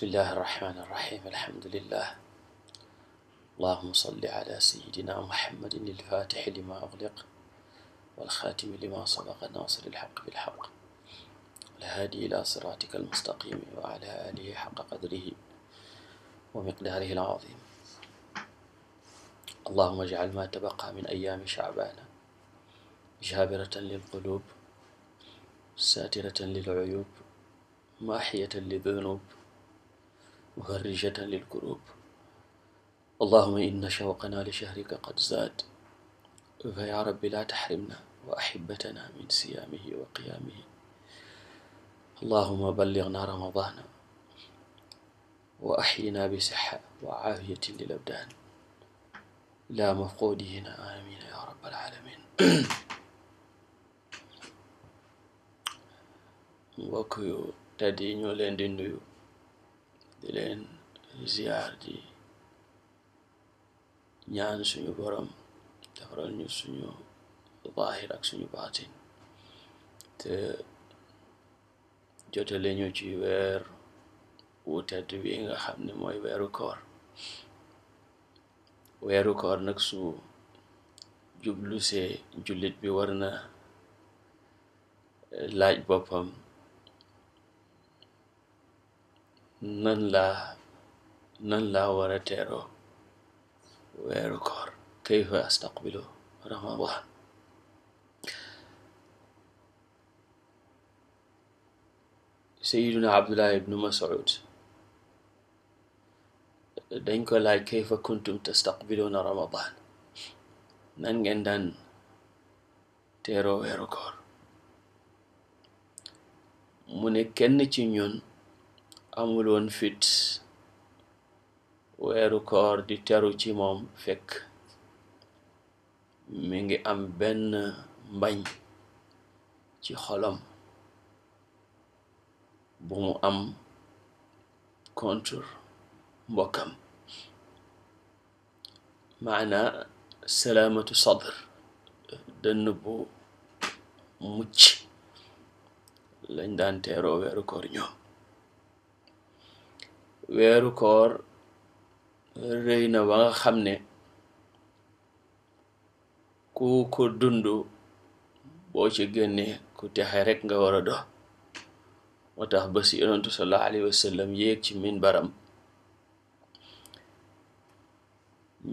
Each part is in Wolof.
bismillahi irrahmani irrahim alhamdulillah allahuma salli ala sayidina muhammadin ilfatixi lima uxliq walxaatimi lima sabaqa nasiri ilxaq bilxaq alhaadi ila siratika almustaqimi wa ala alihi xaqa qadrihi wa miqdaarihi alazim allahuma ijcal ma tabaqa min ayaami shacbaana jaabiratan lilqulub saatiratan lilcuyub maaxiyatan lidunub مهرجة للكروب اللهم إن شوقنا لشهرك قد زاد فيا رب لا تحرمنا وأحبتنا من صيامه وقيامه اللهم بلغنا رمضان وأحينا بصحة وعافية للأبدان لا مفقودين آمين يا رب العالمين mbokk yu tedd yi ñoo leen di nuyu di leen ziar di ñaan suñu borom defaral ñu suñu zaahir ak suñu baatin te jotale ñu ci weer wu tedd bi nga xam ni mooy weeru koor weeru koor nag su jublu see jullit bi war na laaj boppam nan laa nan laa war a teeroo weeru koor kayfa astaqbilu ramadan sayiduna abdullah ibnu masud dañ ko laaj kayfa kuntum tastaqbiluuna ramadan nan ngeen daan teeroo weeru mu ne kenn ci ñun amuloon woon fit weeru koor di teru ci moom fekk mi ngi am benn mbañ ci xolom bu mu am contre mbokkam maana salaamatu sadr dënn bu mucc lañ daan teeroo weeru koor ñoom weeru koor rëy na ba nga xam ne ku ko dund boo ci génne ku texe rekk nga war a do moo tax ba si yonentu sallallahu alayhi wa sallam yéeg ci min baram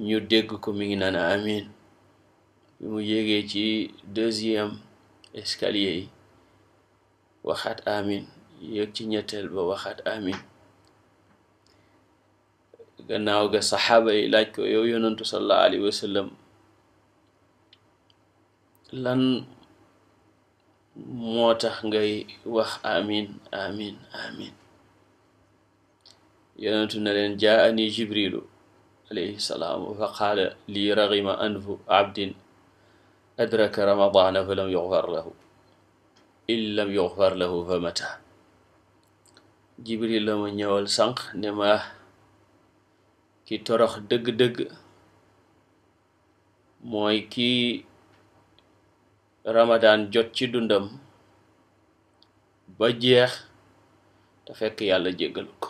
ñu dégg ko mi ngi naan amin bi mu yéegee ci deuxième escalier yi waxaat amin yéeg ci ñetteel ba waxaat amin naaw ga saxaaba yi laaj ko yow yonantu sallallahu alayhi wa lan moo tax ngay wax amin amin amin yonentu na leen jaani jibrilu alayhi salaam fa qaala lii anfu abdin adraka ramadana fa lahu in lam yughfar lahu fa mata jibril la ma ñëwal ne ma ki torox dëgg-dëgg mooy kii ramadaan jot ci dundam ba jeex te fekk yàlla jéggalu ko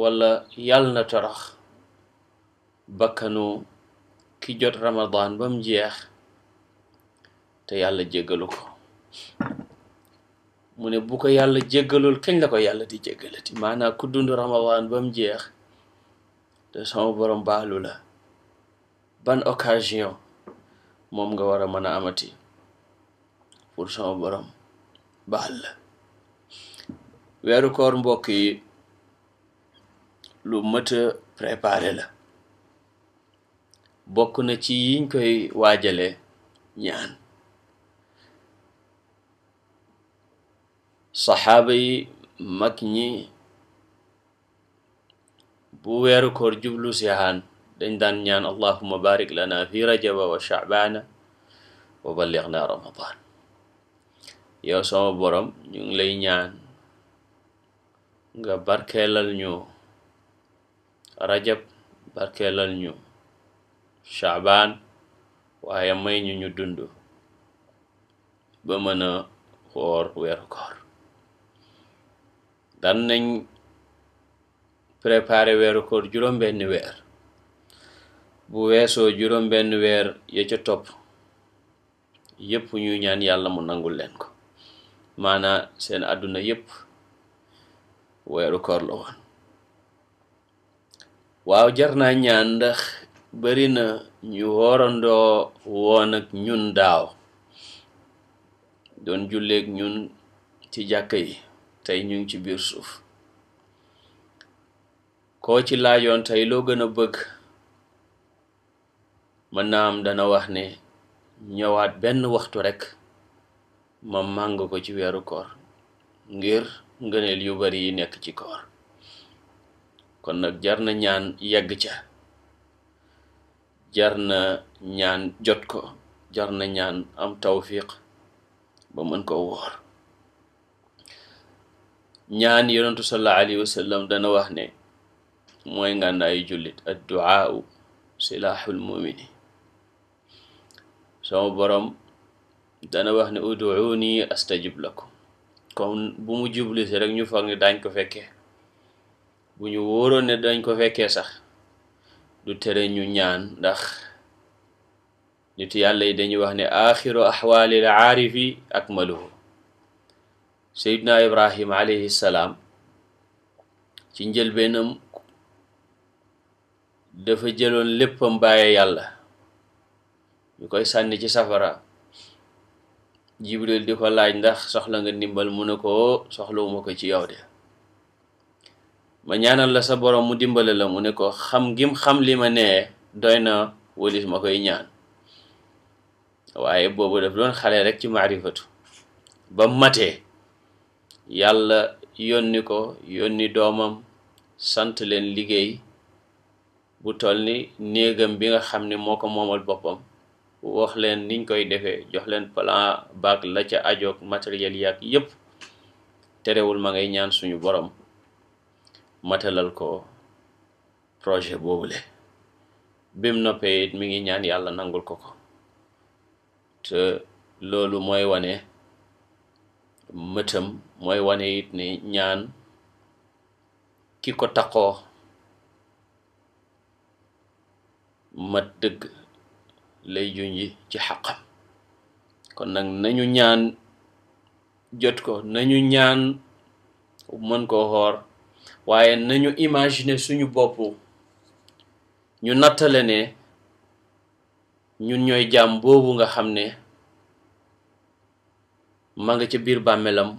wala yàlla na torox bakkanu ki jot ramadaan bam jeex te yàlla jéggalu ko mu ne bu ko yàlla jéggalul kañ la ko yàlla di jéggalati maanaam ku dund ramadan ba mu jeex te sama borom baalu la ban occasion moom nga war a mën a amati pour sama borom baal la weeru koor mbokk yi lu mët a préparé la bokk na ci yiñ koy waajalee ñaan saxaaba yi mag ñi bu weeru koor jublu si dañ daan ñaan allahuma barik lana fi rajaba wa shaabaana wa ballighna ramadan yow sama borom ñu ngi lay ñaan nga barkeelal ñu rajab barkeelal ñu shaabaan waaye may ñu ñu dund ba mën a woor weeru koor daan nañ préparé weeru juróom benni weer bu weesoo juróom benni weer ya ca topp yépp ñu ñaan yàlla mu nangul leen ko maanaa seen àdduna yépp weeru koor la woon waaw jar naa ñaan ndax bari na ñu woorandoo woon ñun daaw doon julleeg ñun ci jàkka yi tey ñu ngi ci biir suuf koo ci laajoon tey loo gën a bëgg mën naa am dana wax ne ñëwaat benn waxtu rekk ma màng ko ci weeru koor ngir ngëneel yu bari yi nekk ci koor kon nag jar na ñaan yegg ca jar na ñaan jot ko jar na ñaan am tawfiq ba mën ko wóor ñaan yonentu sallallahu alayhi wa sallam dana wax ne mooy ngàndaayu jullit adduaau silaaxul mumini sama borom dana wax ne uduuni astajib lakum kon bu mu jubli si rek ñu foog ne dañ ko fekke bu ñu wóoroon ne dañ ko fekkee sax du tere ñu ñaan ndax nit yàlla yi dañuy wax ne axiru axwaali al aarifi seydna ibrahim alayhi salaam ci njëlbeenam dafa jëloon léppam bàyyee yàlla ñu koy sànni ci safara jibril di ko laaj ndax soxla nga ndimbal mu ne ko oh, soxlawuma ko ci yow de ma ñaanal la sa borom mu dimbale la mu ne ko xam gim xam li ma nee doy na wëlis ma koy ñaan waaye boobu daf doon xale rek ci maarifatu ba matee yàlla yónni ko yónni doomam sant leen liggéey bu toll ni néegam bi nga xam ne moo ko moomal boppam wax leen niñ koy defee jox leen plan baag la ca ajoog matériel yaag yépp terewul ma ngay ñaan suñu boroom matalal ko projet boobule bim noppee it mi ngi ñaan yàlla nangul ko ko te loolu mooy wane mëtam mooy wane it ne ñaan ki ko taqoo mat dëgg lay junji ci xaqam kon nag nañu ñaan jot ko nañu ñaan mën koo xoor waaye nañu imaginer suñu bopp ñu nattale ne ñun ñooy jaam boobu nga xam ne ma nga ca biir bàmmeelam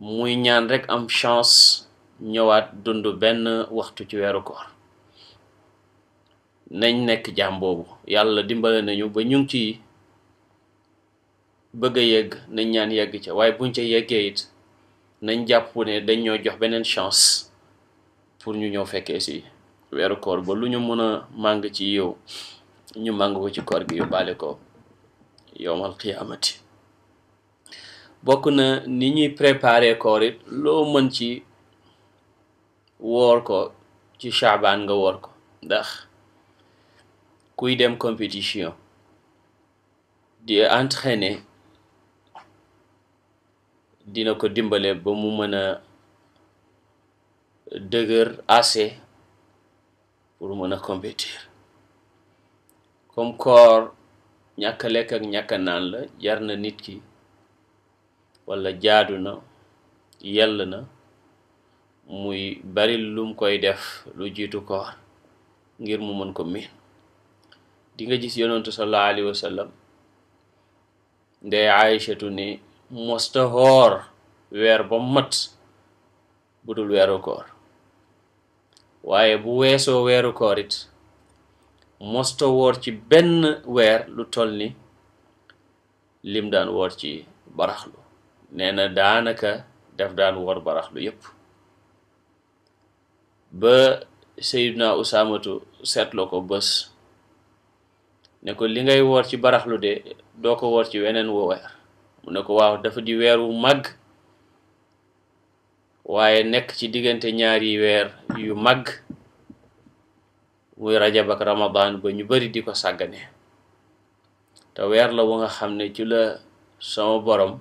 muy ñaan rek am chance ñëwaat dund benn waxtu ci weeru koor nañ nekk jaam yàlla dimbale nañu ba ñu ngi ci bëgg a yegg nañ ñaan yegg ca waaye buñ ca yeggee it nañ jàppu ne dañ ñoo jox beneen chance pour ñu ñëw fekkee si weeru koor ba lu ñu mën a màng ci yow ñu màng ko ci koor gi yóbbaale ko yowmal qiyaamati bokk na ni ñuy préparer koor loo mën ci woor ko ci Shaabaan nga woor ko ndax kuy dem compétition di entraîner dina ko dimbale ba mu mën a dëgër ac pour mën a compétir comme koor ñàkk lekk ak ñàkk naan la jar na nit ki walla jaadu na yell na muy bari lum koy def lu jiitu koor ngir mu mën ko miin di nga gis yonentu sallallahu alayhi wa sallam ndey aïchatu ni mosta hoor weer ba mat bu dul weeru koor waaye bu weesoo weeru koor it mosta woor ci benn weer lu toll ni lim daan woor ci baraxlu nee na daanaka daf daan wor baraxlu yépp ba Seydina Usaamatu seetloo ko bës ne ko li ngay woor ci baraxlu de doo ko woor ci weneen woo weer mu ne ko waaw dafa di weer wu màgg waaye nekk ci diggante ñaari weer yu màgg muy rajab ak ramadan ba ñu bari di ko sàggane te weer la wu nga xam ne ci la sama borom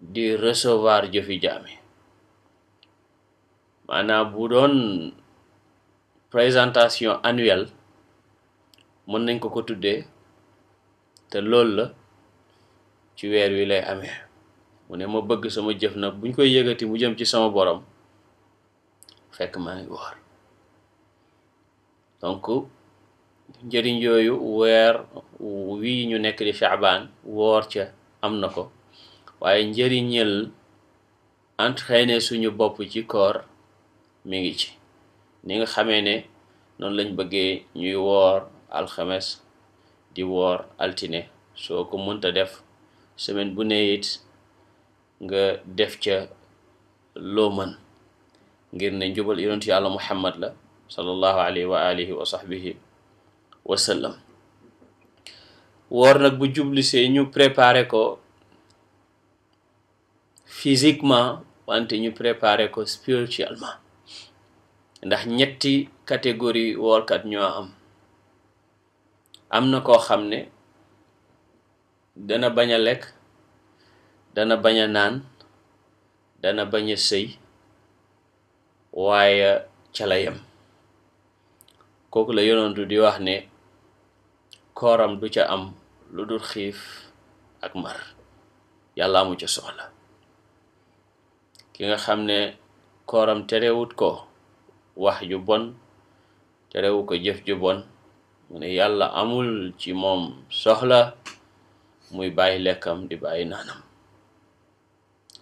di resevoir jëfi jaami maanaam bu doon présentation annuelle mën nañ ko ko tuddee te loolu la ci weer wi lay ame mu ne ma bëgg sama jëf nag buñ koy yëgati mu jëm ci sama borom fekk maa ngi woor donk njëriñ yooyu weer wii ñu nekk di Shaaban woor ca am na ko waaye njëriñal entraîné suñu bopp ci koor mi ngi ci ni nga xamee ne noonu lañ bëggee ñuy woor alxemes di woor altine soo ko mënta def semaine bu ne it nga def ca loo mën ngir ne njubal yonent yàlla muhammad la sallallahu alayhi wa alihi wa woor nag bu jubli ñu préparé ko physiquement wante ñu préparé ko spirituellement ndax ñetti catégorie woorkat ñoo am am na koo xam ne dana bañ a lekk dana bañ a naan dana bañ a sëy waaye ca la yem kooku la yonentu di wax ne kooram du ca am lu dul xiif ak mar yàlla amu ca soxla ki nga xam ne kooram terewut ko wax ju bon terewu ko jëf ju bon mu ne yàlla amul ci moom soxla muy bàyyi lekkam di bàyyi naanam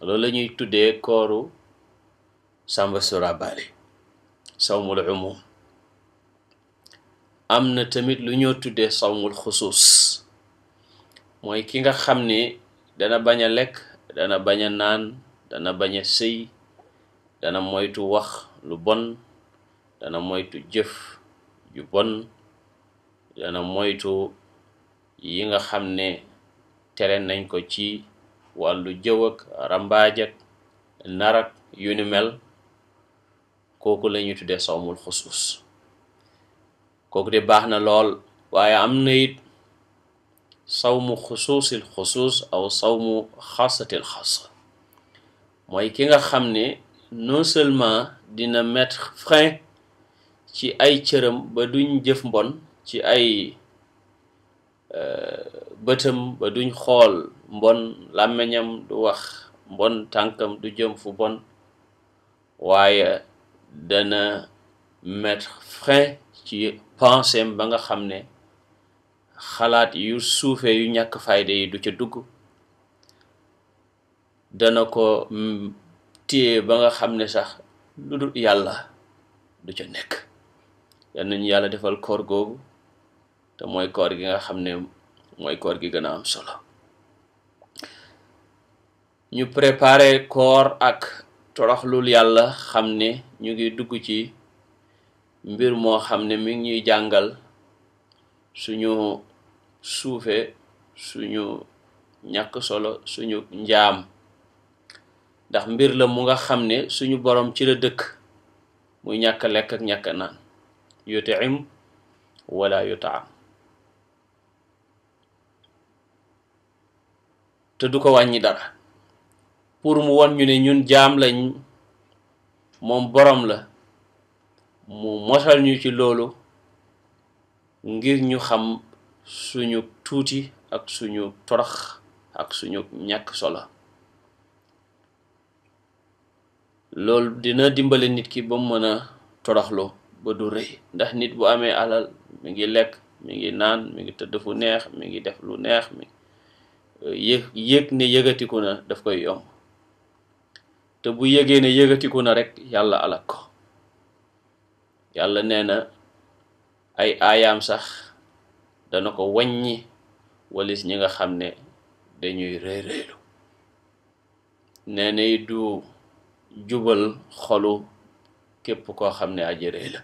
loolu la ñuy tuddee kooru Samba Surabali sawmul umum am na tamit lu ñoo tuddee sawmul xusuus mooy ki nga xam ni dana bañ a lekk dana bañ naan dana bañ a sëy dana moytu wax lu bon dana moytu jëf ju bon dana moytu yi nga xam ne tere nañ ko ci wàllu jëw ak rambaajak narak yu ni mel kooku la ñuy tuddee mul xusuus kooku de baax na lool waaye am na it mu xusuusil xusuus aw mu xaasatil xaasa mooy ki nga xam ne non seulement dina mettre frein ci ay cëram ba duñ jëf mbon ci ay euh, bëtam ba duñ xool mbon làmmiñam du wax mbon tànkam du jëm fu bon waaye dana mettre frein ci pensem ba nga xam ne xalaat yu suufee yu ñàkk fayda yi du ca dugg dana ko mm, tiye ba nga xam ne sax lu dul yàlla du ca nekk yal nañu yàlla defal koor googu te mooy koor gi nga xam ne mooy koor gi gën a am solo ñu préparé koor ak toroxlul yàlla xam ne ñu ngi dugg ci mbir moo xam ne mi ngi ñuy jàngal suñu suufe suñu ñàkk solo suñu njaam ndax mbir la mu nga xam ne suñu borom ci la dëkk muy ñàkk a lekk ak ñàkk a naan yutim wala yutaam te du ko wàññi dara pour mu won ñu ne ñun jaam lañ moom borom la mu mosal ñu ci loolu ngir ñu xam suñu tuuti ak suñu torox ak suñu ñàkk sola loolu dina dimbali nit ki ba mu mën a toroxloo ba du rëy ndax nit bu amee alal mi ngi lekk mi ngi naan mi ngi tëdd fu neex mi ngi def lu neex mi yëg yëg ne yëgatiku na daf koy yomb te bu yëgee ne yëgatiku na rek yàlla alak ko yàlla nee na ay aayaam sax dana ko waññi walis ñi nga xam ne dañuy rëy rëylu nee nay du jubal xolu képp koo xam ne aji rëy la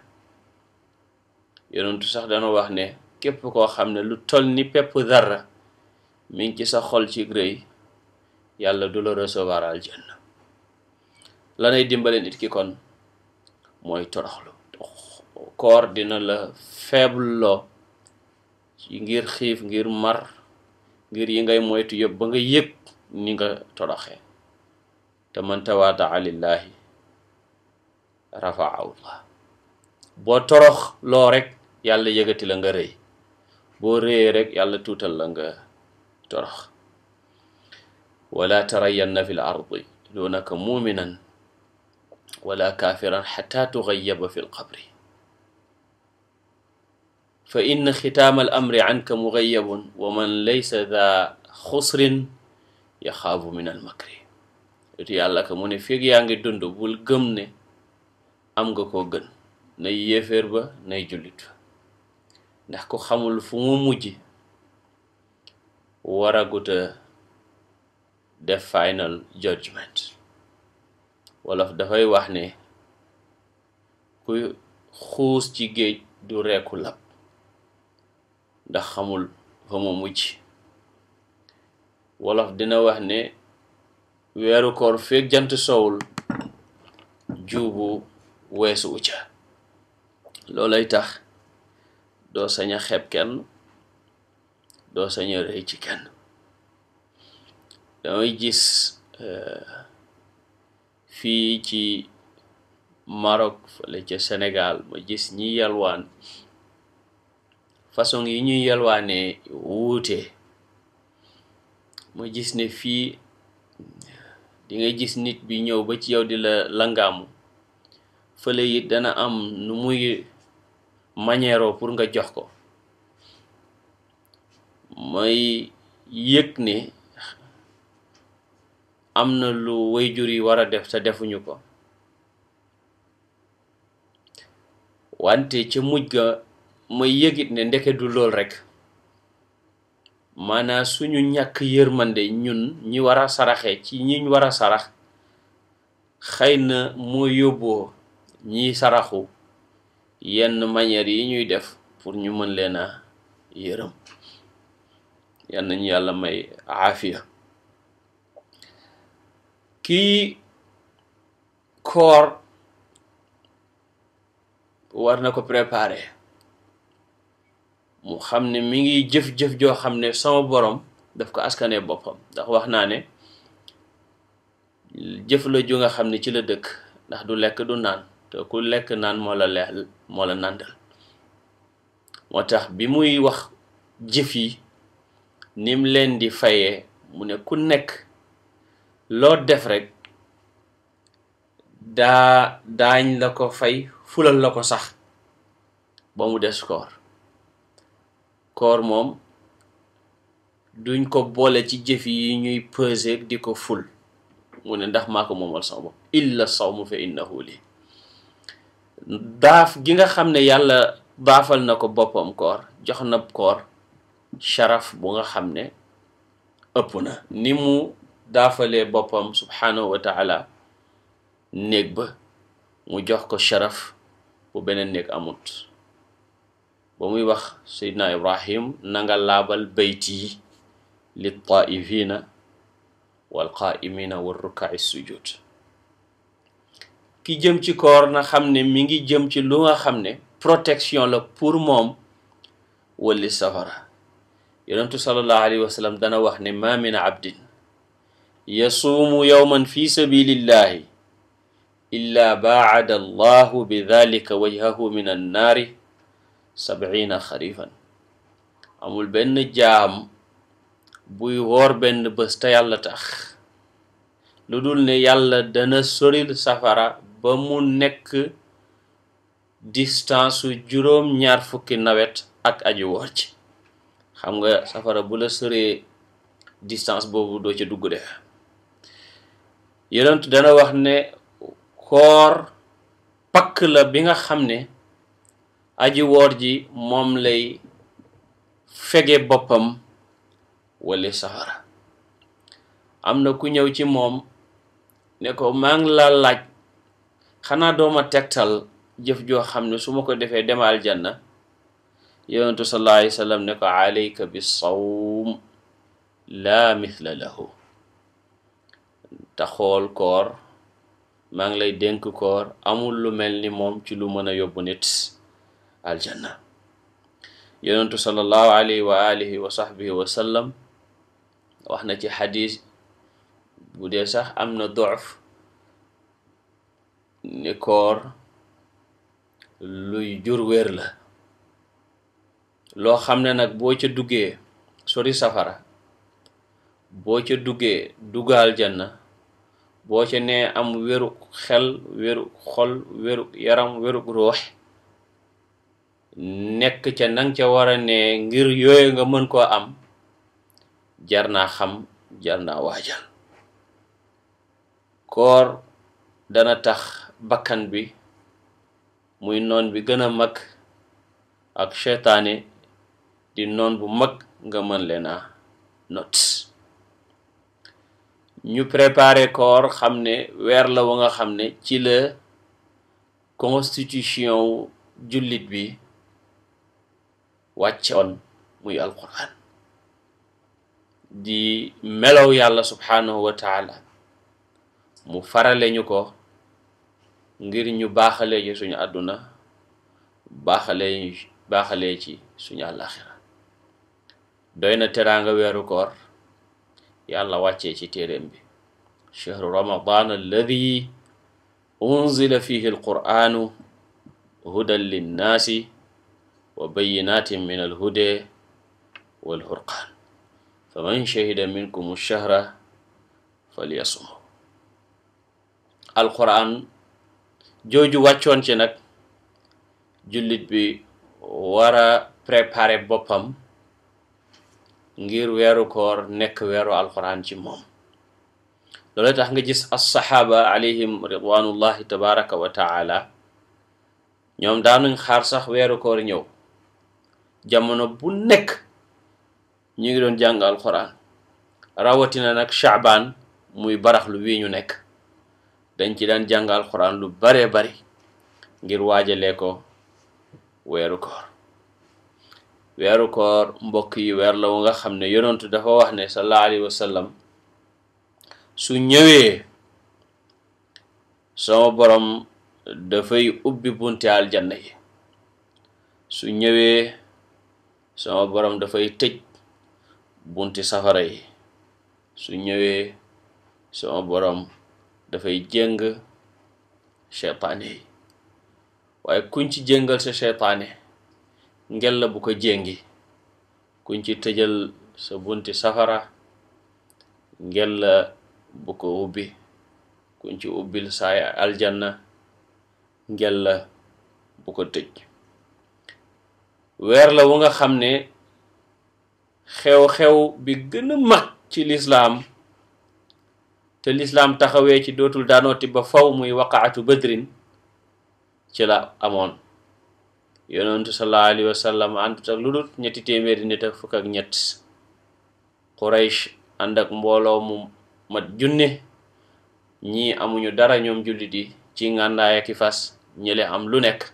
yonentu sax dana wax ne képp koo xam ne lu tol ni pepp dara mi ci sa xol ci rëy yàlla du la recevoir aljanna lanay dimbale nit ki kon mooy toroxlu koor dina la faible loo ci ngir xiif ngir mar ngir yi ngay moytu yëpp ba nga yëg ni nga toroxee te man tawaadaa lillaahi rafaahullah boo torox loo rek yàlla yëgati la nga rëy boo rëyee rek yàlla tuutal la nga torox wala tarayanna fi l ardi dunaka muminan wala kaafiran xata tugayaba fi lqabri fa inn xitaama al amri anka mugayabun wa man laysa daa xusrin yaxaafu min al makri yàlla ka mu ne feeg yaa ngi dund bul gëm ne am nga koo gën nay yéeféer ba nay jullit ndax ku xamul fu mu mujj waraguta def final judgment wolof dafay wax ne kuy xuus ci géej du rekku lab ndax xamul fa mu mujj wolof dina wax ne weeru koor feeg jant sowul juubu weesu wu ca loolay tax doo sañ a xeeb kenn doo sañ a rëy kenn damay gis eh, fii ci Maroc fale ci Sénégal ma gis ñi yalwaan façon yi ñuy yalwaanee wuute ma gis ne fii di gis nit bi ñëw ba ci yow di la langaamu fële it dana am nu muy manière pour nga jox ko mooy yëg ne am na lu wayjur yi war a def te defuñu ko wante ca mujj ga mooy yëgit ne ndeke du lool rekk maanaa suñu ñàkk yërmande ñun ñi war a saraxe ci ñiñ war a sarax xëy na moo yóbboo ñiy saraxu yenn manière yi ñuy def pour ñu mën leen a yërëm yal nañu yàlla may aafiya kii koor war na ko préparer mu xam ne mi ngi jëf-jëf joo xam ne sama borom daf ko askanee boppam ndax wax naa ne jëf la ju nga xam ne ci la dëkk ndax du lekk du naan te ku lekk naan moo la leexal moo la nàndal moo tax bi muy wax jëf yi nim leen di fayee mu ne ku nekk loo def rek daa daañ la ko fay fulal la ko sax ba mu des koor koor moom duñ ko boole ci jëf yi ñuy peser di ko ful mu ne ndax maa ko moomal sama bopp illa sawmu fa innahu li daaf gi nga xam ne yàlla daafal na ko boppam koor jox na koor sharaf bu nga xam ne ëpp na ni mu daafalee boppam subhaanahu wa néeg ba mu jox ko sharaf bu beneen néeg amut ba muy wax seydina ibrahim nanga laabal bayt yi li taifina wal qaimina wa rukai sujud ki jëm ci koor na xam ne mi ngi jëm ci lu nga xam ne protection la pour moom wali safara yonentu sallallahu alayhi wa sallam dana wax ne ma min abdin yasuumu yowman fi sabilillahi illa baacada allahu bi dalika wajhahu min annaari sabina xarifan amul benn jaam buy woor benn bés te yàlla tax lu dul ne yàlla dana soril safara ba mu nekk distance su juróom ñaar fukki nawet ak aju woor ci xam nga safara bu la soree distance boobu doo ci dugg de yonent dana wax ne koor pakk la bi nga xam ne aji woor ji moom lay fege boppam walla safara am na ku ñëw ci moom ne ko maa laa la laaj xanaa dooma tegtal jëf joo xam ne su ma ko defee demal aljanna yonentu sallallahu alayhi wa sallam ne ko alayka bi sawm laa mithla lahu taxool koor maa ngi lay dénk koor amul lu mel ni moom ci lu mën a yóbbu nit aljanna yonentu sallallahu alayhi wa alihi wa sahbihi wa sallam wax na ci xadis bu sax am na dof ni koor luy jur wér la loo xam ne nag boo ca duggee sori safara boo ca duggee dugga aljanna boo ci nee am wéru xel wéru xol wéru yaram wéru ruux nekk ca nang ca war a ne ngir yooyu nga mën koo am jar naa xam jar naa waajal koor dana tax bakkan bi muy noon bi gën a mag ak seytaane di noon bu mag nga mën leen a not ñu prepare koor xam ne weer la wa nga xam ne ci la constitution jullit bi wàcce on muy alquran di melow yàlla subhaanahu wa mu farale ñu ko ngir ñu baaxalee ci suñu àdduna baaxalee baaxalee ci suñu àllaaxira doy na teraanga weeru koor yàlla wàccee ci téeréem bi chahru unzila fihi alquranu hudan linnaasi wa bayyinaatin min alhudaa wal furqaan faman shahida minkumu shahra falyasumhu alquran jooju wàccoon ci nag jullit bi war a préparer boppam ngir weeru koor nekk weeru alquran ci moom loolu tax nga gis assaxaaba alayhim ridwanullahi tabaraka wa taala ñoom daanuñ xaar sax weeru koor ñëw jamono bu nekk ñu ngi doon jàng alxuraan rawatina nag chaabaan muy baraxlu wii ñu nekk dañ ci daan jàng alxuraan lu baree bari ngir waajale ko weeru koor weeru koor mbokk yi weer la wu nga xam ne yonentu dafa wax ne sallallahu alayhi wa su ñëwee soo borom dafay ubbi bunte aljanna yi su ñëwee sama boroom dafay tëj bunti safara yi su ñëwee sama boroom dafay jëng cheytaane yi waaye kuñ ci jëngal sa seetaane ngel la bu ko jëngi kuñ ci tëjal sa bunti safara ngel la bu ko ubbi kuñ ci ubbil saay aljanna ngel la bu ko tëj weer la wu nga xam ne xew-xew bi gën a mag ci lislaam te lislaam taxawee ci dootul daanooti ba faw muy waqaatu badrin ci la amoon yonentu sallallahu alayhi wa sallam àndut ak lu dul ñetti téeméeri nit ak fukk ñett Quraysh ànd ak mbooloo mu mat junne ñii amuñu dara ñoom jullit yi ci ngàndaay ak i fas ñële am lu nekk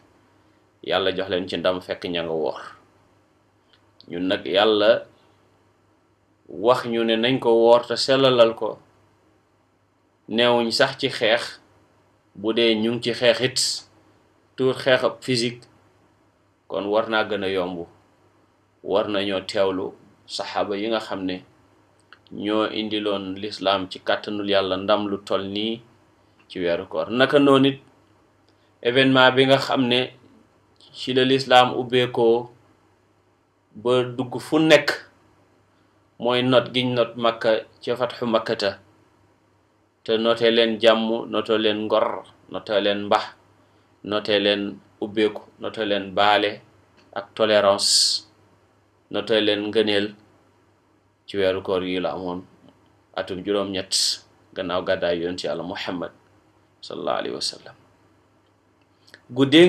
yàlla jox leen ci ndam fekk ña nga woor ñun nag yàlla wax ñu ne nañ ko woor te sellalal ko neewuñ sax ci xeex bu dee ñu ci xeex it tuur xeex ab physique kon war naa gën a yomb war nañoo teewlu saxaaba yi nga xam ne ñoo indiloon lislaam ci kàttanul yàlla ndam lu toll nii ci weeru koor naka noonu it événement bi nga xam ne ci la lislam ubbeekoo ba dugg fu nekk mooy not giñ not makka ca fatxu makkata te notee leen jàmm notee leen ngor notee leen mbax leen ubbeeku notee leen baale ak tolérance notee leen ngëneel ci weeru koor yi la amoon atum juróom-ñett gannaaw gàddaay yonent yàlla muhammad sallallahu alayhi wa sallam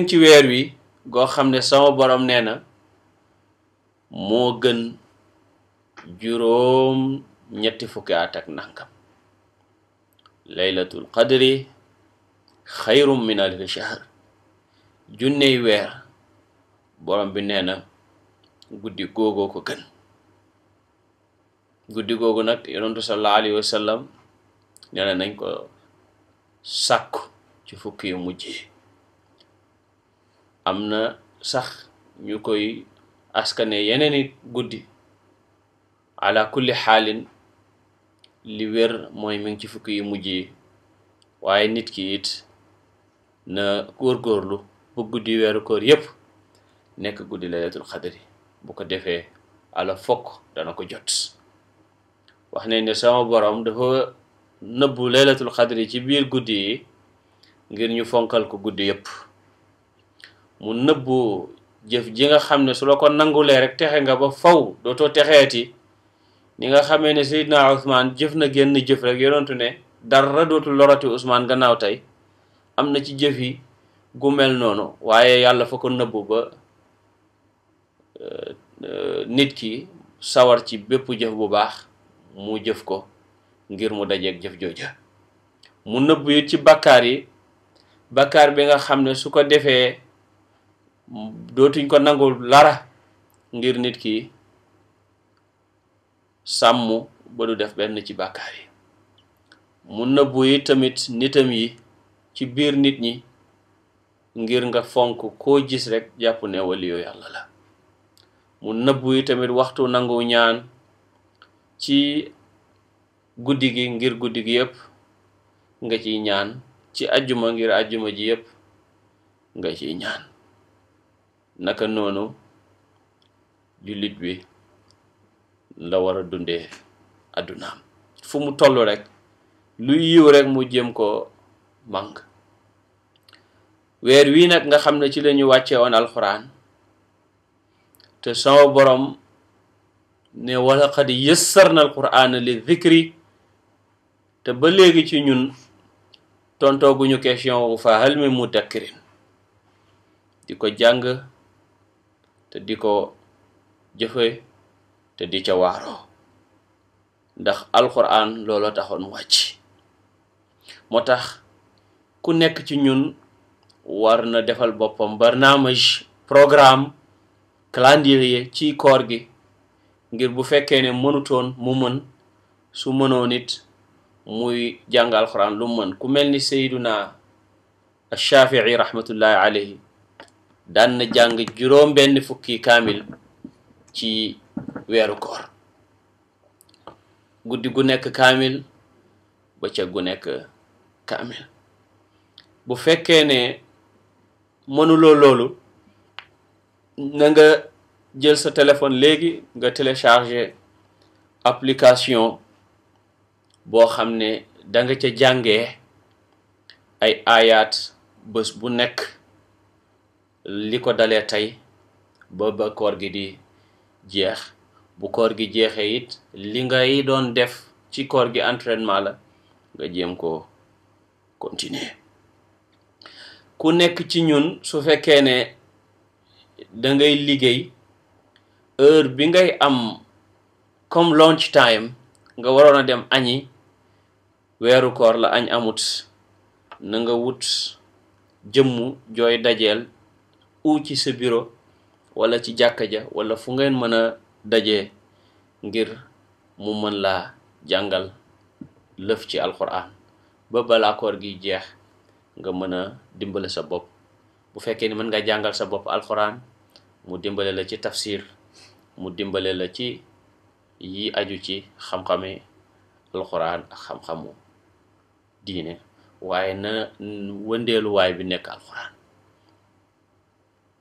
ci weer wi goo xam ne sama boroom nee na moo gën juróom ñetti fukki at ak nangam laylatul qadri xayrum min alfi junney weer borom bi nee na guddi googoo ko gën guddi googu nag yonentu sallallahu alayhi wa sallam nee na nañ ko sàkku ci fukki yu mujjee am na sax ñu koy askane yeneeni guddi ala kulli xaalin li wér mooy mi ngi ci fukk yu mujj yi waaye nit ki it na góorgóorlu bu guddi weeru koor yépp nekk guddi laylatul xadri bu ko defee ala fokk dana ko jot wax nañ ne sama borom dafa nëbbu laylatul xadri ci biir guddi yi ngir ñu fonkal ko guddi yépp mu nëbbu jëf ji nga xam ne su la ko nangulee rek texe nga ba faw dootoo texeeti ni nga xamee ne Seydina Ousmane jëf na genn jëf rek yonentu ne dara dootul lorati Ousmane gannaaw tey am na ci jëf yi gu mel noonu waaye yàlla fa ko nëbbu ba euh, euh, nit ki sawar ci bépp jëf bu baax mu jëf ko ngir mu dajeeg jëf jooja mu nëbbu ci bakkaar yi bakkaar bi nga xam ne su ko defee dootuñ ko nangul lara ngir nit ki sàmm ba du def benn ci bàkkaar yi mun na buyi tamit nitam yi ci biir nit ñi ngir nga fonk koo gis rekk jàpp ne waliyo yàlla la mu nëbbu yi tamit waxtu nangu ñaan ci guddi gi ngir guddi gi yépp nga ciy ñaan ci ajjuma ngir ajjuma ji yépp nga ciy ñaan naka noonu jullit bi la war a dundee addunaam fu mu toll rek lu yiw rek mu jëm ko màng weer wii nag nga xam ne ci lañuy ñu wàcce woon alxuraan te sama borom ne wala xad yëssarna alquraan li zikri te ba léegi ci ñun tontooguñu question wu fa hal mu mudakkirin di ko jàng te di ko jëfe te di ca waaroo ndax alquran looloo taxoon wàcc moo tax ku nekk ci ñun war na defal boppam barnaamaj programme calendrier ci koor gi ngir bu fekkee ne mënutoon mu mën su mënoo nit muy jàng alquran lu mën ku mel ni sayduna ashafii rahmatullahi alayhi daan jàng juróom benn fukki kaamil ci weeru koor guddi gu nekk kaamil ba bëccëg gu nekk kaamil bu fekkee ne mënuloo loolu na nga jël sa téléphone léegi nga télécharger application boo xam ne da nga ca jàngee ay aayaat bés bu nekk li ko dalee tey ba ba koor gi di jeex bu koor gi jeexee it li ngay doon def ci koor gi entraînement la nga jéem ko continuer ku nekk ci ñun su fekkee ne da ngay liggéey heure bi ngay am comme lunch time nga waroon a dem añi weeru koor la añ amut na nga wut jëmm jooy dajeel ou ci sa biro walla ci jàkka ja wala fu ngeen mën a daje ngir mu mën laa jàngal lëf ci alquran ba balaa gi jeex nga mën a dimbale sa bopp bu fekkee ni mën nga jàngal sa bopp alxuraan mu dimbale la ci tafsir mu dimbale la ci yi aju ci xam-xami alquran ak xam-xamu diine waaye na wëndeeluwaay bi nekk alquran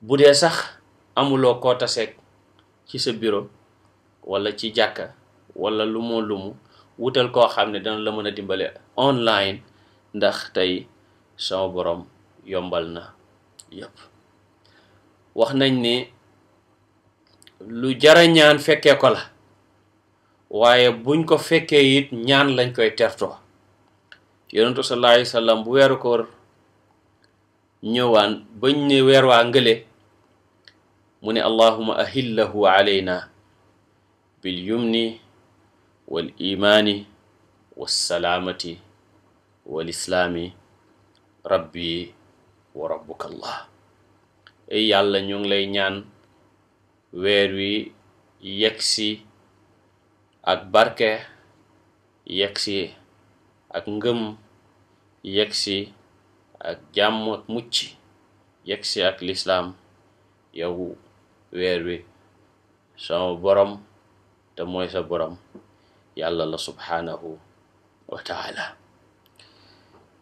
bu dee sax amuloo koo taseeg ci sa buro walla ci jàkka walla lu moo lumu wutal koo xam ne dana la mën a dimbale online ndax tey sama borom yombal na yépp wax nañ ni lu jara ñaan fekkee ko la waaye buñ ko fekkee it ñaan lañ koy tertoo yonentu sallallahu alayhi wa sallam bu weeru koor ñëwaan bañ ni weer waa ngële mu ne allahuma ahillahu alayna bil yumni wal imaani wassalaamati wal islaami rabbi wa rabbuka allah ay yàlla ñu ngi lay ñaan weer wi yegsi ak barke yegsi ak ngëm yegsi ak jàmm ak mucc si ak lislaam yow weer wi sama borom te mooy sa borom yàlla la subhaanahu wa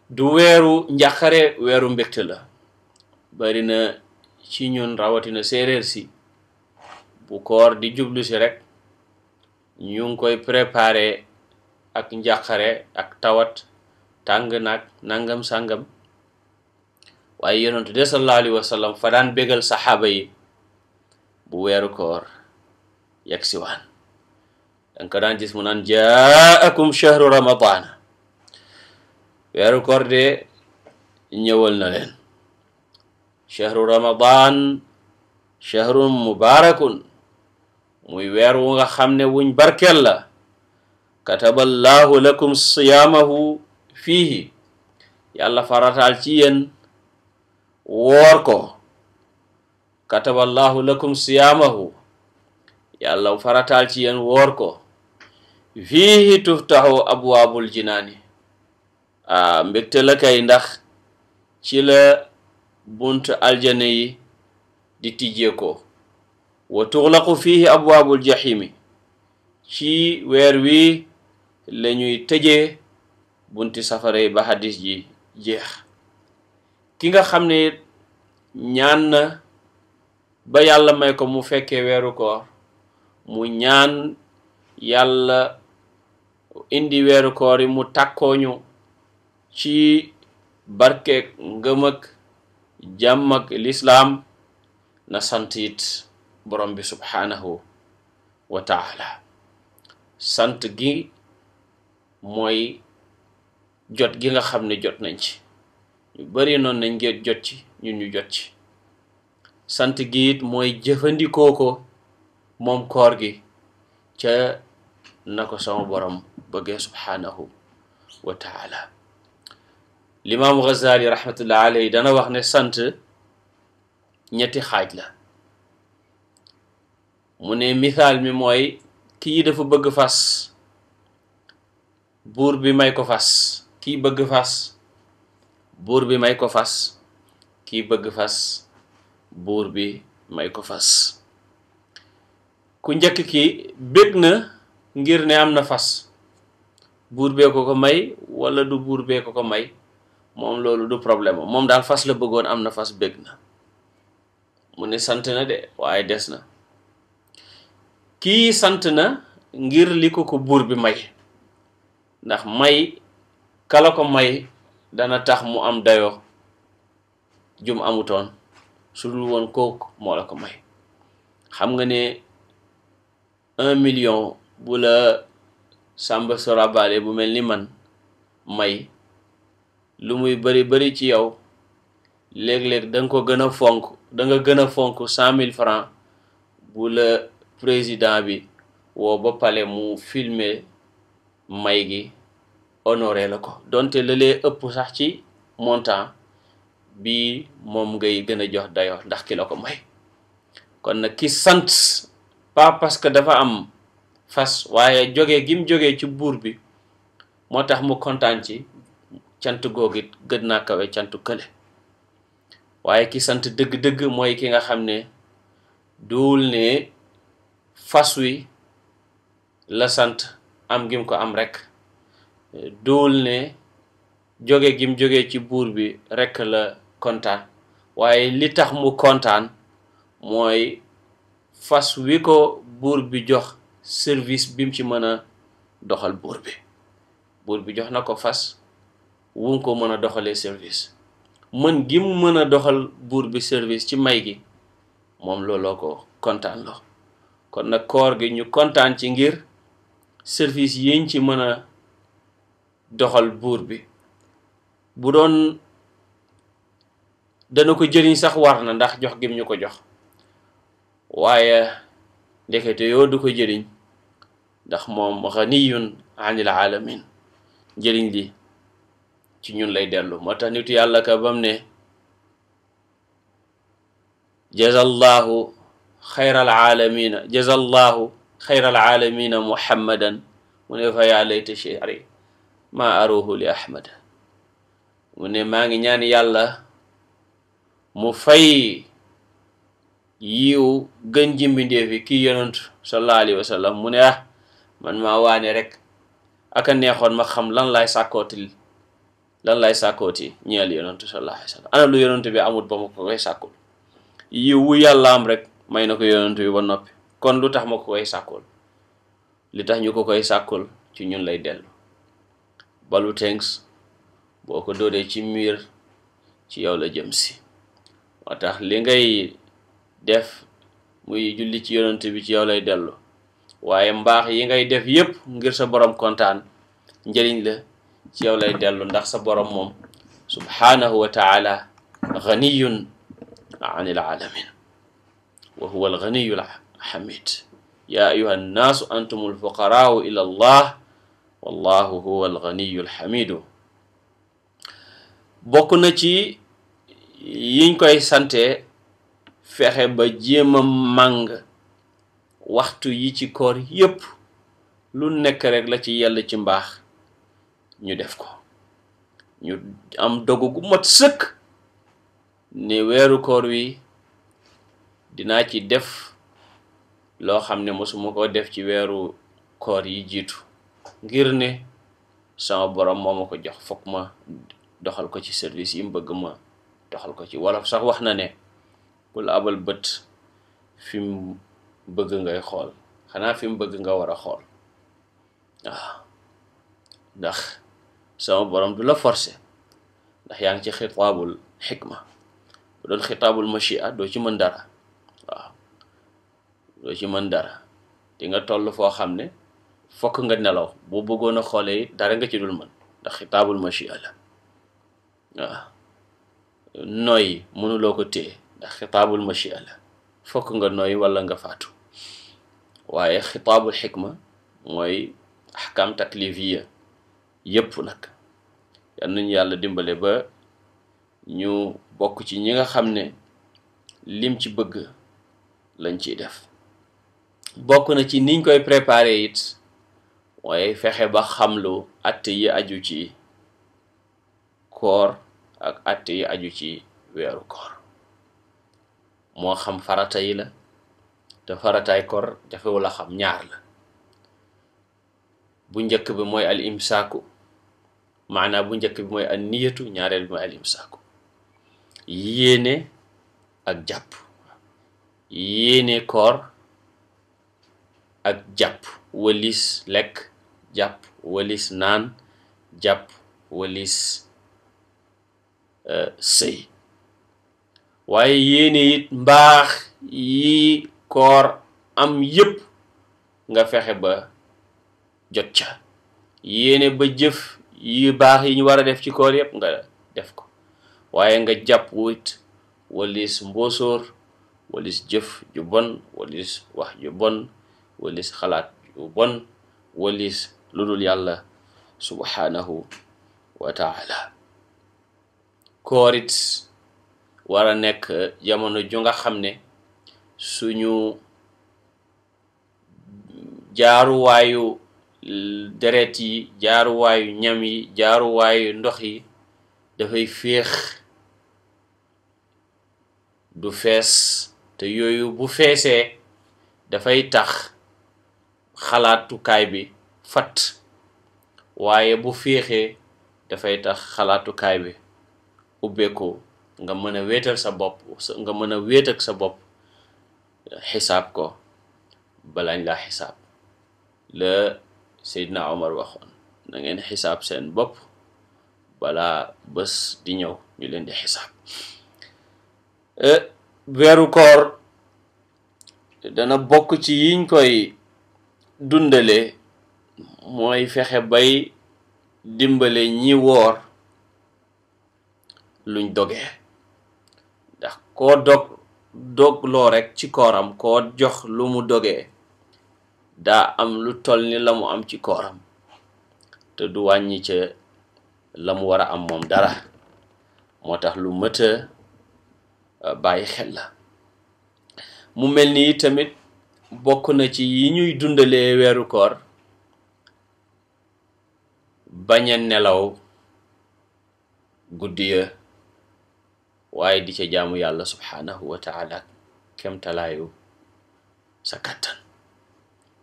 du weeru njàqare weeru mbégte la bari na ci ñun rawatina séeréer si bu koor di jublu si rek ñu koy préparer ak njàqare ak tawat tàng naag nangam sàngam waaye yonentu de sallallahu alayhi wa sallam fa daan bu weeru koor yegg si waan danga ko daan gis mu naan jaakum shahru ramadan weeru koor de ñëwal na leen shahru ramadan shahrun mubarakun muy weer wu nga xam ne wuñ barkeel la kataba allahu lakum siyaamahu fiihi yàlla farataal ci yéen woor ko kataballahu lakum siyamahu yàlla farataal ci yen woor ko fiihi tuftahu abwaabul jinaani a ah, mbégte ndax ci la bunt aljana yi di tijjee ko wa tuxlaqu fiihi abwaabul jahimi ci weer wi la ñuy tëjee bunti safara yi ba hadis ji jeex ki nga xam ne ñaan ba yàlla may ko mu fekkee weeru koor mu ñaan yàlla indi weeru koor yi mu takkooñu ci barkeeg ngëm ak lislaam na sant it borom bi subhaanahu wa sant gi mooy jot gi nga xam ne jot nañ ci ñu bari noonu nañ ngeen jot ci ñun ñu jot ci sant giit mooy jëfandikoo ko moom koor gi ca na ko sama borom bëggee subhaanahu wa taala limaamu Ghazali rahmatullah alayhi dana wax ne sant ñetti xaaj la mu ne misaal mi mooy kii dafa bëgg fas buur bi may ko fas kii bëgg fas buur bi may ko fas kii bëgg fas buur bi may ko fas ku njëkk ki bég na ngir ne am na fas buur bee ko ko may wala du buur bee ko ko may moom loolu du problème moom daal fas la bëggoon am na fas bég na mu ne sant na de waaye des na kii sant na ngir li ko ko buur bi may ndax may kala ko may dana tax mu am dayo jum amutoon su dul woon kooku moo la ko may xam nga ne un million bu la sàmba sorabaale bu mel ni man may lu muy bari bari ci yow léeg-léeg da ko gën a fonk da nga gën a fonk cent mille francs bu la président bi woo ba pale mu filmer may gi honoré la ko donte la lee ëpp sax ci montant bi moom ngay gën a jox dayoo ndax ki la ko may kon nag ki sant pas parce que dafa am fas waaye jóge gim jógee ci buur bi moo tax mu kontaan ci cant googit gën naa kawe cantu kële waaye ki sant dëgg-dëgg mooy ki nga xam ne duwul ne fas wi la sant am gim ko am rek duwul ne jóge gim jóge ci buur bi rekk la kontaan waaye li tax mu kontaan mooy fas wi ko buur bi jox service bi mu ci mën a doxal buur bi buur bi jox na ko fas wum ko mën a doxalee service mën gi mën a doxal buur bi service ci may gi moom looloo ko kontaan loo kon nag koor gi ñu kontaan ci ngir service yiñ ci mën a doxal buur bi bu doon dana ko jëriñ sax war na ndax jox gim ñu ko jox waaye ndekete yoo du ko jëriñ ndax moom ganiyun anil alamin njëriñ li ci ñun lay dellu moo tax nitu yàlla ka bam ne jazallahu xayral alamina jazallahu muhammadan mu ne fa yaa layta shi'ri ma aruhu li ahmada mu ne maa ngi ñaan yàlla mu fay yiw gën ji mbindeef yi kii yonent sallallahu mu ne ah man maa waane rek aka neexoon ma xam lan lay sàkkootil lan lay sàkkooti ñeel yonentu sallallahu alayhi wa ana lu yonent bi amut ba ma ko koy sàkkul yiw wu yàlla rek may na ko yonent bi ba noppi kon lu tax ma ko koy sàkkul li tax ñu ko koy sàkkul ci ñun lay dellu balu thanks boo ko dóoree ci miir yow la jëm si moo li ngay def muy julli ci yonent yow lay dellu waaye mbaax yi ngay def yépp ngir sa borom kontaan njëriñ la ci yow lay dellu ndax sa borom moom subhaanahu wa taala ganiyun anil alamin wa huwa al ganiyu al ya ayuha annaasu antum alfuqaraau ila allah wallahu huwa al ganiyu al hamidu bokk na ci yiñ koy sante fexe ba jéemam màng waxtu yi ci koor yépp lu nekk rek la ci yàlla ci mbaax ñu def ko ñu am dogu gu mot sëkk ni weeru koor wi dinaa ci def loo xam ne mosuma koo def ci weeru koor yi jiitu ngir ne sama borom moo ma ko jox fokk ma doxal ko ci service yi mu bëgg ma doxal ko ci wolof sax wax na ne bul abal bët fi mu bëgg ngay xool xanaa fi mu bëgg nga war a xool waaw ndax sama borom du la forcer ndax yaa ngi ci xitaabul xikma bu doon xitaabul machia doo ci mën dara waaw doo ci mën dara di nga toll foo xam ne fokk nga nelaw boo bëggoon a xoolee dara nga ci dul mën ndax xitaabul machia la noy mënuloo ko téye ndax xitaabul machia la fokk nga nooyi walla nga faatu waaye xitaabul xikma mooy axkaam taklifiya yépp nag yal nañu yàlla dimbale ba ñu bokk ci ñi nga xam ne lim ci bëgg lañ ciy def bokk na ci niñ koy préparer it waaye fexe ba xamlu atte yi aju ci koor ak atte aju ci weeru koor moo xam farata yi la te farataay koor jafewul a xam ñaar la bu njëkk bi mooy al imsaaku maanaam bu njëkk bi mooy al niyatu ñaareel bi mooy al imsaaku yéene ak jàpp yéene koor ak jàpp walis lekk jàpp walis naan jàpp walis sëy waaye yéene it mbaax yi koor am yépp nga fexe ba jot ca yéene ba jëf yi baax yi ñu war a def ci koor yépp nga def ko waaye nga jàpp wit walis mbóosóor walis jëf ju bon walis wax ju bon walis xalaat ju bon walis lu dul yàlla subhanahu wa koorit wara nekk jamono ju nga xam ne suñu jaaruwaayu deret yi jaaruwaayu ñam yi jaaruwaayu ndox yi dafay féex du fees te yooyu bu feesee dafay tax xalaatukaay bi fat waaye bu féexee dafay tax xalaatukaay bi ubbeekoo nga mën a wéetal sa bopp nga mën a wéet sa bopp xisaab ko balaañ laa xisaab la Seydina Omar waxoon na xisaab seen bopp balaa bés di ñëw ñu leen di xisaab eh, weeru koor dana bokk ci yiñ koy dundale mooy fexe bay dimbale ñi woor luñ dogee ndax koo dog dogloo rek ci kooram koo jox lu mu dogee daa am lu toll ni la mu am ci kooram te du wàññi ca la mu war a am moom dara moo tax lu mëta euh, bàyyi xel la mu mel nii tamit bokk na ci yi ñuy dundalee weeru koor bañ nelaw guddi ya waaye di ca jaamu yàlla subhaanahu wa taala kemtalaayu sa kattan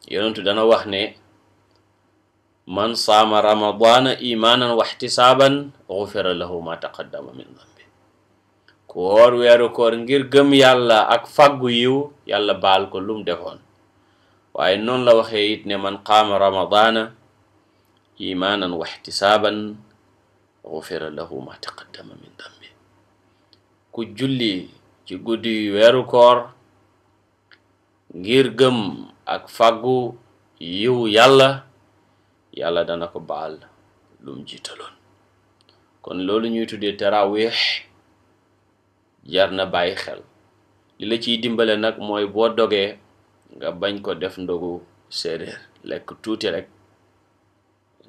yonentu dana wax ne man saama ramadaana imaanan waxtisaaban gufira lahu ma taqaddama min dambi ku woor weeru koor ngir gëm yàlla ak fàggu yiw yàlla baal ko lum defoon waaye noonu la waxee man qaama ramadaana imaanan waxtisaaban gufira lahu ma taqaddama min dambi ku julli ci guddi weeru koor ngir gëm ak fàggu yiw yàlla yàlla dana ko baal lum jiitaloon kon loolu ñuy tuddee taraawix jar na bàyyi xel li la ciy dimbale nag mooy boo dogee nga bañ ko def ndogu séeréer lekk tuuti rek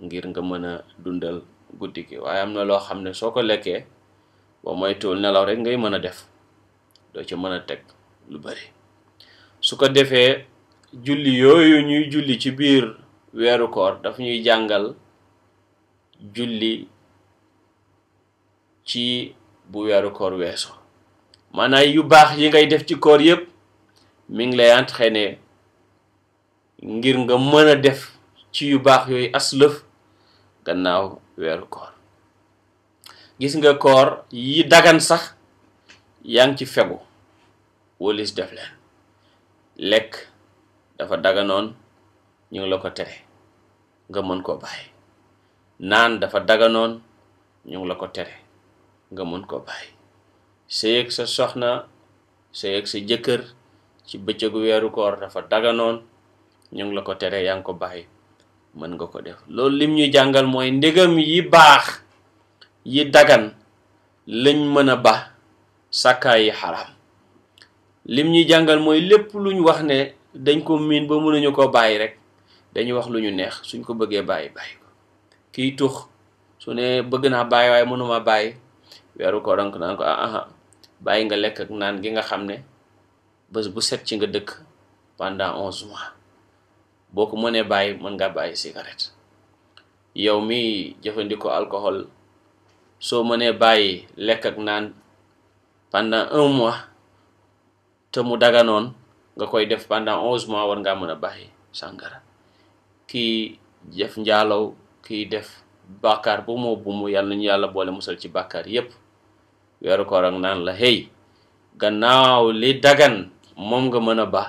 ngir nga mën a dundal guddi gi waaye am na loo xam ne soo ko lekkee boo moytuwul nelaw rek ngay mën a def doo ci mën a teg lu bari su ko defee julli yooyu ñuy julli ci biir weeru koor dafa ñuy jàngal julli ci bu weeru koor weesu maanaam yu baax yi ngay def ci koor yépp mi ngi lay entraîné ngir nga mën a def ci yu baax yooyu aslëf gannaaw weeru koor gis nga koor yi dagan sax yaa ngi ci fegu walis def leen lekk dafa daganoon ñu la ko tere nga mën koo bàyyi naan dafa daganoon ñu ngi la ko tere nga mën koo bàyyi sëy ak sa soxna sëy ak sa jëkkër ci bëccëgu weeru koor dafa daganoon ñu ngi la ko tere yaa ngi ko bàyyi mën nga ko def loolu lim ñu jàngal mooy ndegam yi baax yi dagan lañ mën a ba sàkkaa yi xaraam lim ñuy jàngal mooy lépp luñ wax ne dañ ko miin ba mënuñu ko bàyyi rek dañuy wax lu ñu neex suñ ko bëggee bàyyi bàyyi ko kiy tux su ne bëgg naa bàyyi waaye mënuma bàyyi weeru ko donc naan ko aha ah, bàyyi nga lekk ak naan gi nga xam ne bés bu set ci nga dëkk pendant onze mois boo ko mënee bàyyi mën nga bàyyi cigarette yow mi jëfandikoo alcool soo mënee bàyyi lekk naan pendant un mois te mu daganoon nga koy def pendant onze mois war ngaa mën a bàyyi sàngara kii def njaalaw kii def bàkkaar bu moo bu mu yàlla ñu yàlla boole musal ci bàkkaar yépp weeru koor naan la hey gannaaw li dagan moom nga mën a ba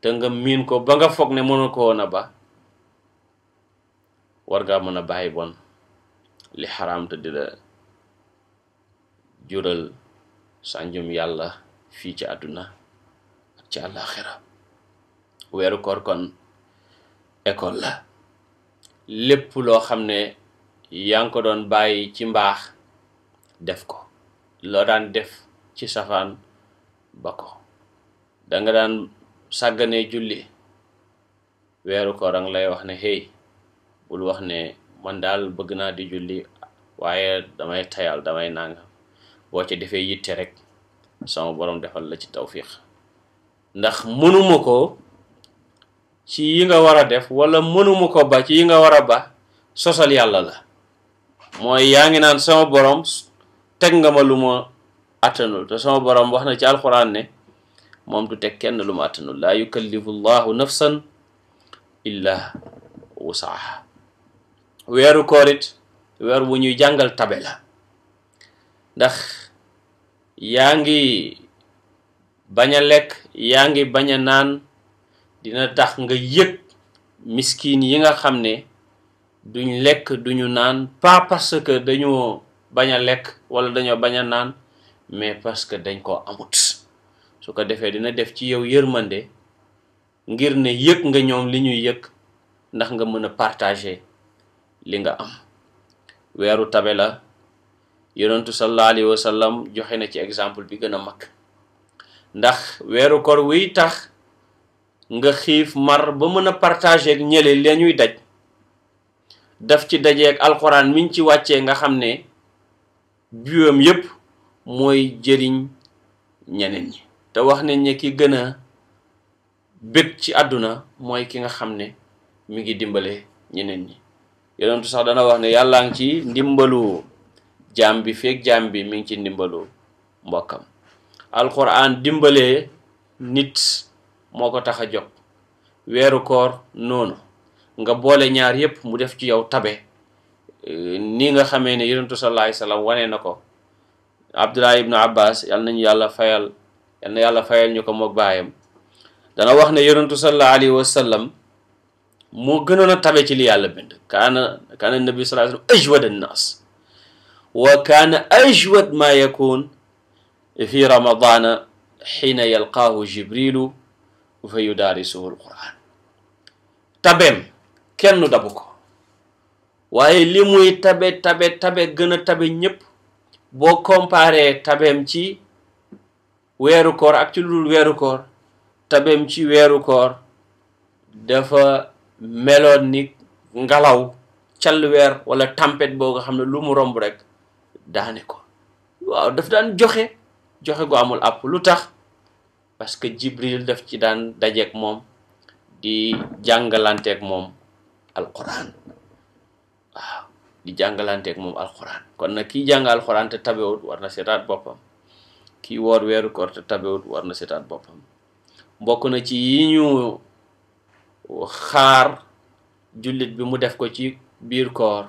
te nga miin ko ba nga foog ne mënul ko woon a ba war ngaa mën a bàyyi bon li xaraam te di la jural sànjum yàlla fii ci àdduna ak ci àllaaxira weeru koor kon école la lépp loo xam ne yaa ngi ko doon bàyyi ci mbaax def ko loo daan def ci safaan ba ko danga daan sàgganee julli weeru koor lay wax ne hey bul wax ne man daal bëgg naa di julli waaye damay tayal damay nanga boo ca defee yitte rek sama borom defal la ci tawfiq ndax mënuma ko ci yi nga war a def walla mënuma ko ba ci yi nga war a ba sosal yàlla la mooy yaa ngi naan sama borom teg nga ma lu ma attanul te sama borom wax na ci alxuraan ne moom du teg kenn lu ma attanul laa yukallifu llahu nafsan illa wusaha weeru koorit weer wu ñuy jàngal tabe la ndax yaa ngi bañ a lekk yaa ngi bañ a naan dina tax nga yëg miskin yi nga xam ne duñ lekk duñu naan pas parce que dañoo bañ a lekk wala dañoo bañ a naan mais parce que dañ koo amut su ko defee dina def ci yow yërmande ngir ne yëg nga ñoom li ñuy yëg ndax nga mën a partager li nga am weeru tabe la yonentu sallallahu alayhi wa sallam joxe na ci exemple bi gën a mag ndax weeru kor wuy tax nga xiif mar ba mën a partager ak ñële ñuy daj daf ci dajeeg alxuraan miñ ci wàccee nga xam ne biwam yépp mooy jëriñ ñeneen ñi te wax nañ ne ki gën a bég ci àdduna mooy ki nga xam ne mu ngi dimbale ñeneen ñi yonentu sax dana wax ne yàllaa ngi ci ndimbalu jaam bi feeg jaam bi mi ngi ci ndimbalu mbokkam alquran dimbalee nit moo ko tax a jóg weeru koor noonu nga boole ñaar yépp mu def ci yow tabe ni nga xamee ne yonentu sallallahu alayhi wane na ko abdullah ibnu abbas yal nañu yàlla fayal yal na yàlla fayal ñu ko moog baayam dana wax ne yonentu sallallahu alayhi moo gënoon a tabe ci li yàlla bind kaana kaana nabi sallallahu alayhi wa sallam ajwad annaas wa kaana ajwad ma yakun fi ramadana xiina yalqaahu jibrilu fa yudaarisuhu alquran tabeem kenn dabu ko waaye li muy tabe tabe tabe gën a tabe ñépp boo comparé tabeem ci weeru koor ak ci lu dul weeru koor tabeem ci weeru koor dafa meloon ni ngelaw cal weer wala tempête boo nga xam ne lu mu romb rek ne ko waaw daf daan joxe joxe gu amul àpp lu tax parce que jibril daf ci daan dajeek moom di jàngalanteek moom alquran waaw di jàngalanteek moom alquran kon nag ki jàng alquran te tabewut war na seetaat boppam kii woor weeru koor te tabewut war na seetaat boppam mbokk na ci yi ñu xaar jullit bi mu def ko ci biir koor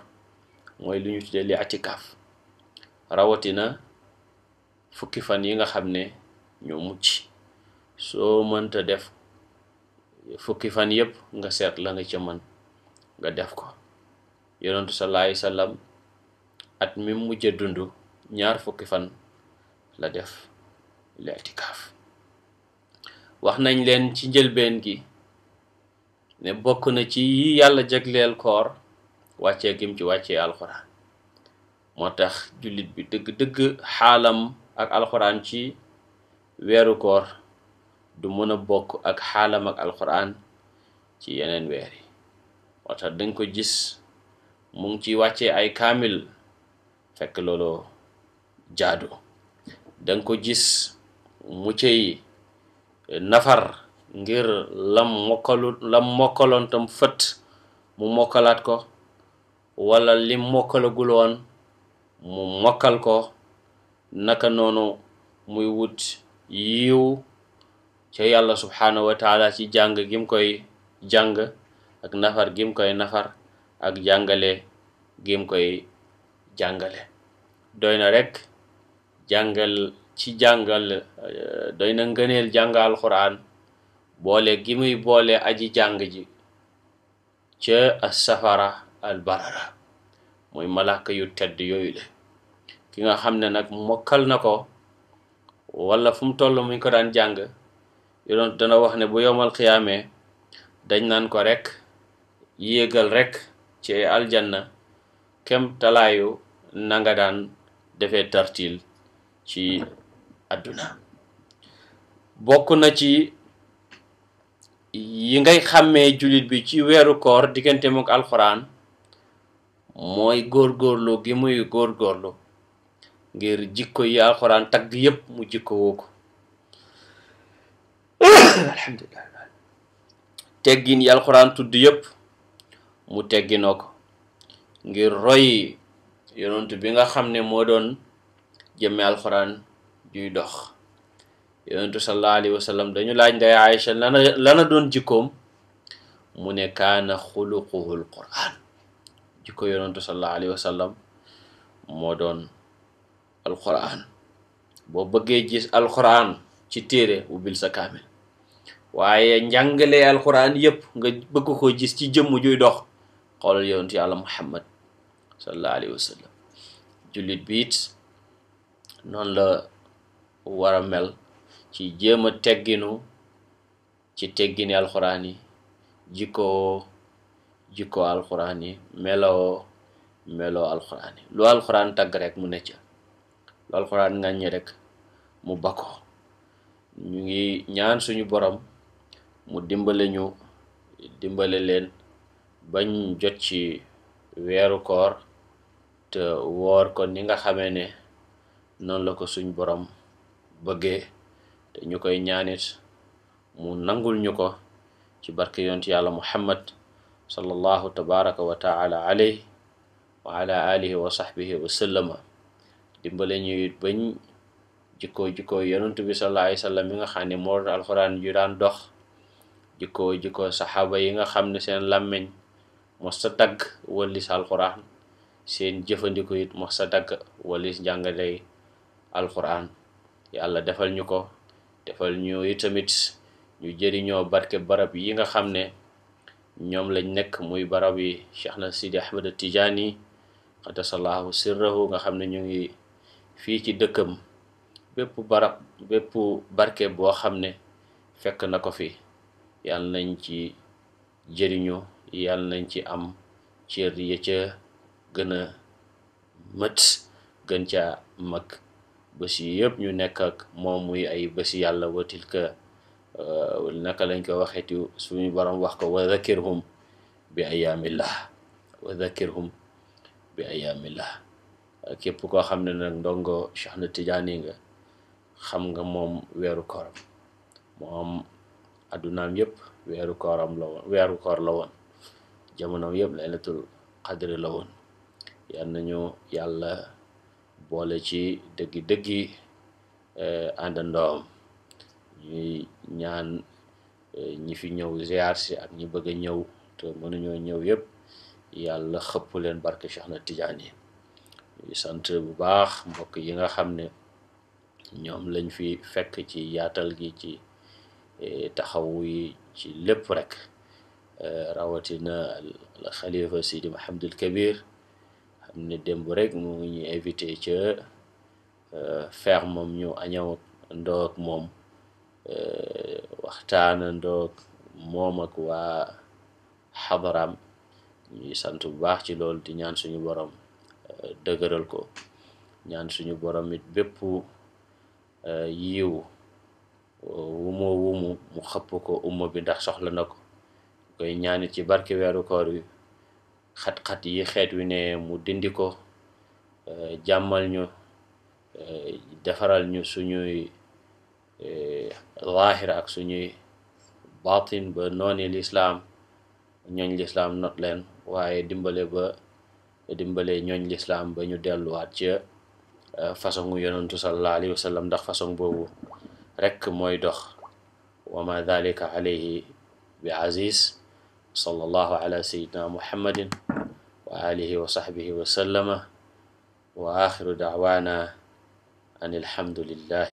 mooy lu ñu tuddee li atikaaf rawatina fukki fan yi nga xam ne ñoo mucc soo mënta def fukki fan yépp nga seet la nga ca mën nga def ko yonentu sallallahu alayhi wasallam at mi mujj a dund ñaar fukki fan la def li atikaaf wax nañ leen ci njëlbeen gi ne bokk na ci yàlla jegleel koor wàccee gim ci wàccee alxuraan moo tax jullit bi dëgg-dëgg xaalam ak alxuraan ci weeru koor du mën a bokk ak xaalam ak alxuraan ci yeneen weer yi moo tax dañ ko gis mu ngi ci wàccee ay kaamil fekk loolu jaadu danga ko gis mu cey nafar ngir lam mokkalut tam fët mu mokalaat ko wala lim mokalaguloon woon mu mokkal ko naka noonu muy wut yiw ca yàlla subhaanahu wa ci jàng gim koy jàng ak nafar gim koy nafar ak jàngale gim koy jàngale doy na rek jàngal ci jàngal euh, doy na ngëneel jàng alquran boole gi muy boole aji jàng ji ca asafara al barara mooy malaaka yu tedd yooyu le ki nga xam ne nag mokkal na ko wala fu mu toll muñ ko daan jàng yodoon dana wax ne bu yomal xiyaamee dañ naan ko rek yéegal rek ci aljanna kem talaayu nanga daan defee tartil ci àdduna bokk na ci yi ngay xàmmee jullit bi ci weeru koor diggante mook alxuraan mooy góorgóorlu gi muy góorgóorlu ngir jikko yi alxuraan tagg yépp mu jikko woo ko alhamdulilah teggin yi alxuraan tudd yépp mu teggina ko ngir roy yonent bi nga xam ne moo doon jëmme alxuraan juy dox yonentu sallallahu alayhi wa dañu laaj nday Aïcha lana lana doon jikkoom mu ne kaana xuluquhul quran jikko yonentu sallallahu alayhi wa moo doon alquran boo bëggee gis alquran ci téere ubbil sa kaamil waaye njàngale alquran yépp nga bëgg ko gis ci jëmm juy dox xool yonentu yàlla muhammad sallallahu alayhi jullit biit noonu la wara mel ci jéem a tegginu ci teggini alxuraan yi jikkoo jikkoo alxuraan yi meloo meloo alxuraan yi lu alxuraan tagg rek mu ne ca lu alxuraan ŋàññi rek mu bako ñu ngi ñaan suñu borom mu dimbale ñu dimbale leen bañ jot ci weeru koor te woor ko ni nga xamee ne noonu la ko suñu borom bëggee ñu koy ñaanit mu ñu ko ci barke yonent yàlla muhammad sallallahu tabaraka wa taala alayh wa ala alihi nga xam ne moo doon alxuraan ju daan dox jikkoo jikkoo saxaaba yi nga xam ne seen làmmiñ mos sa dagg walis alxuraan seen jëfandiku it mos sa dagg walis njàngaley alxuraan yàlla defal ñu ko defal ñu tamit ñu jëriñoo barke barab yi nga xam ne ñoom lañ nekk muy barab yi Cheikh na Sidi Ahmed Tijaani qaddasallahu sirrahu nga xam ne ñu ngi fii ci dëkkam bépp barab bépp barke boo xam ne fekk na ko fi yàlla nañ ci jëriñu yàlla nañ ci am cër ya ca gën a mët gën ca mag bés yi yëpp ñu nekk ak moom muy ay bési yàlla watil ka euh, naka lañ ko waxeeti suñu borom wax ko wa zakirhum bi ayaamillah wa zakirhum koo xam ne nag ndongo Cheikh na Tijaani nga xam nga moom weeru kooram moom addunaam yëpp weeru kooram la woon jamonoom yëpp laylatul qadri la woon yal nañu yàlla boole ci dëggi-dëggi eh, àndandoom ñuy ñaan eh, ñi fi ñëw ziar ak ñi bëgg ñëw te mënuñoo ñëw yépp yàlla xëpp leen barke Cheikh na Tijaan yi ñuy sant bu baax mbokk yi nga xam ne ñoom lañ fi fekk ci yaatal gi ci eh, taxaw yi ci lépp rek rawatina al xalifa Sidi Mahamadul Kabir xam ne démb rek mu ngi ñu invité ca euh, ferme moom ñu añaw ndoog moom euh, waxtaana ndoog moom ak waa xadaraam ñuy sant bu baax ci loolu di ñaan suñu borom euh, dëgëral ko ñaan suñu borom bépp yiw wumo wumu mu xëpp ko umma bi ndax soxla na ko koy ñaanit ci barke weeru koor yi xat-xat yi xeet wi ne mu dindi ko euh, jàmmal ñu euh, defaral ñu suñuy euh, zaahir ak suñuy baatin ba nooni lislaam ñooñ lislam not leen waaye dimbale ba dimbale ñooñ lislaam ba ñu delluwaat ca façon yonentu sallallahu alayhi wa ndax façon boobu rekk mooy dox wa dalika alayhi bi aziz sallallahu ala sayyidina muhammadin wa alihi wa sahbihi wa sallama wa akhiru da'wana an alhamdulillahi